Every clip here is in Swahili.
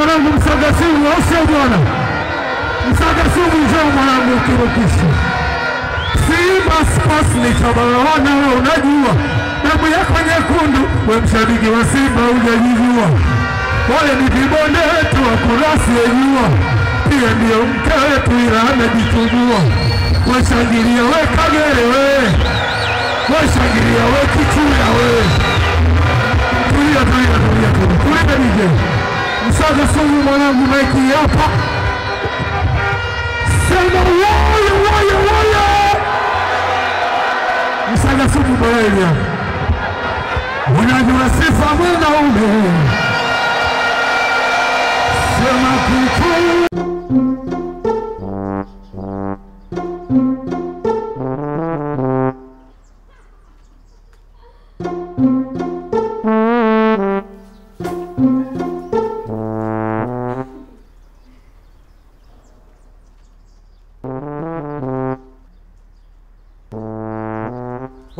mwanangu, msaga sumu au sio bwana? Msaga sumu njoo mwanangu, kirukisha Simba Sports ni chabaona, wewe unajua damu yako nyekundu, we mshabiki wa Simba ujajijua Wale ni vibonde wetu wa kurasi pia ndiyo mke wetu, ila anajichubua. Washangilia we Kagere we, washangilia we Kichuya we. Tulia, tulia, tulia, tulia, tulia, tulia, tulia. msaada sumu mwanangu maiki hapa, sema woye woye woye, msaada sumu Borelia, mwanangu wa sifa mwe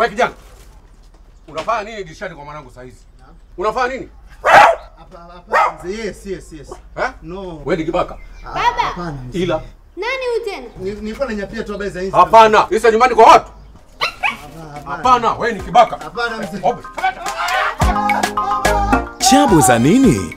Wewe kijana. Unafanya nini dirishani kwa mwanangu saa hizi? Unafanya nini? Hapa hapa mzee. Yes, yes, yes. Eh? No. Wewe ni kibaka. Ah, Baba. Hapana. Ila nani huyu tena? Nilikuwa nanyapia tu habari za Insta. Hapana. Insta nyumbani kwa watu? Hapana. Wewe ni kibaka. Hapana mzee. Chabu za nini?